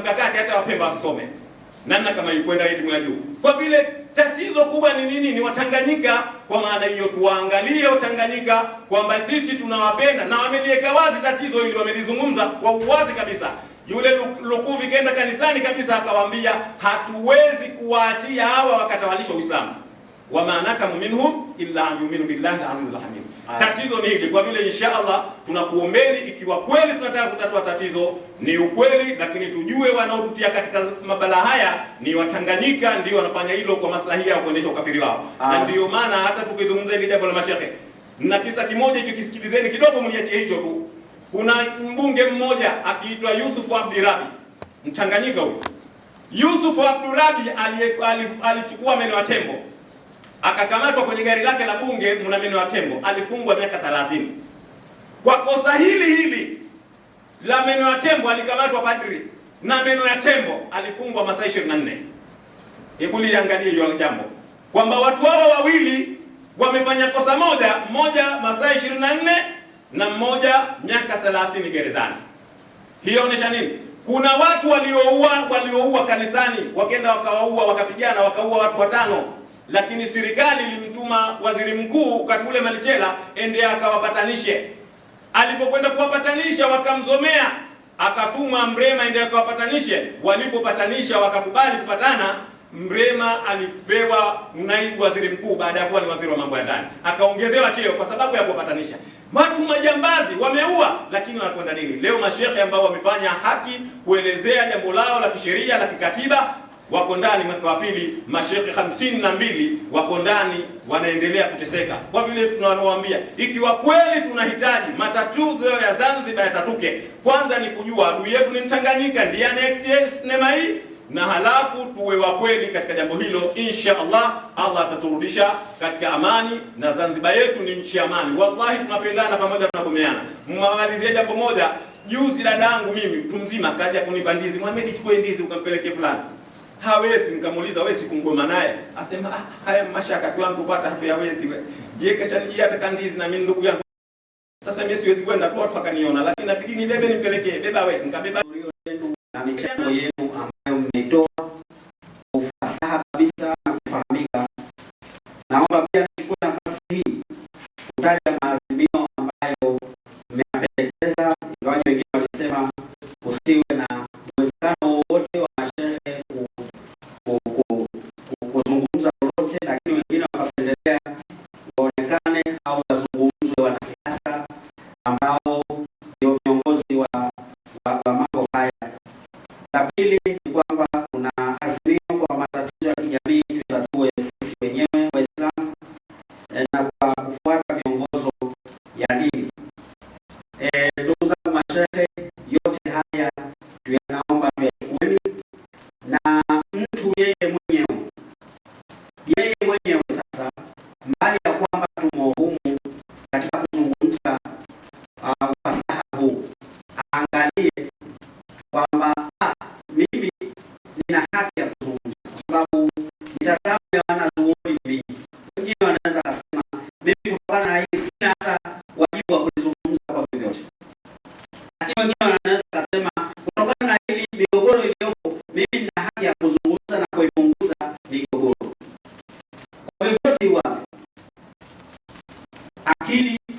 mkakati hata Wapemba wasisome namna kama ikwenda elimu ya juu, kwa vile tatizo kubwa ni nini? Ni Watanganyika. Kwa maana hiyo, tuwaangalie Watanganyika kwamba sisi tunawapenda, na wameliweka wazi tatizo hili, wamelizungumza kwa uwazi kabisa. Yule Lukuvi kaenda kanisani kabisa, akawaambia hatuwezi kuwaachia hawa wakatawalisha Uislamu, wa manakamu minhum illa an yuminu billahi al Tatizo ni hili. Kwa vile inshaallah tunakuombeni, ikiwa kweli tunataka kutatua tatizo, ni ukweli, lakini tujue wanaotutia katika mabala haya ni Watanganyika, ndio wanafanya hilo kwa maslahi ya kuendesha ukafiri wao, na ndio maana hata tukizungumza hili jambo la mashehe, na kisa kimoja hicho kisikilizeni kidogo, mniachie hicho tu. Kuna mbunge mmoja akiitwa Yusuf Abdurabi, Mtanganyika huyu. Yusuf Abdurabi alichukua meno ya tembo akakamatwa kwenye gari lake la bunge Mnamini wa Tembo, alifungwa miaka 30 kwa kosa hili hili la meno ya tembo. Alikamatwa padri na meno ya tembo, alifungwa masaa 24. Hebu liangalie hiyo jambo kwamba watu hawa wawili wamefanya kosa moja, moja, masaa 24 na mmoja miaka 30 gerezani. Hiyo inaonyesha nini? Kuna watu walioua walioua kanisani, wakenda wakawaua, wakapigana, wakaua watu watano lakini serikali ilimtuma waziri mkuu wakati ule Malichela, ende akawapatanishe. Alipokwenda kuwapatanisha wakamzomea, akatuma Mrema ende akawapatanishe. Walipopatanisha wakakubali kupatana. Mrema alipewa naibu waziri mkuu baada ya kuwa ni waziri wa mambo ya ndani, akaongezewa cheo kwa sababu ya kuwapatanisha watu majambazi. Wameua, lakini wanakwenda nini leo? Mashehe ambao wamefanya haki kuelezea jambo lao la kisheria la kikatiba wako ndani, mwaka wa pili mashehe hamsini na mbili wako ndani, wanaendelea kuteseka. Kwa vile tunawaambia, ikiwa kweli tunahitaji matatizo ya Zanzibar yatatuke, kwanza ni kujua adui yetu ni Mtanganyika, ndiye anayetia sinema hii, na halafu tuwe wa kweli katika jambo hilo. Insha Allah, Allah ataturudisha katika amani, na Zanzibar yetu ni nchi ya amani. Wallahi, tunapendana pamoja, tunagomeana. Mmalizie jambo moja, juzi dadangu mimi mtu mzima kaja kunipa ndizi, mwambie nichukue ndizi ukampelekee fulani hawezi mkamuuliza, wewe sikungoma naye asema ah, haya mashaka tu yangu pata hapo yawezi wewe yeke chanijia hata kandizi na mimi ndugu yangu. Sasa mimi siwezi kwenda kwa watu akaniona, lakini inabidi nibebe nimpelekee, beba wewe, nikabeba na mikono yenu ambayo mmeitoa или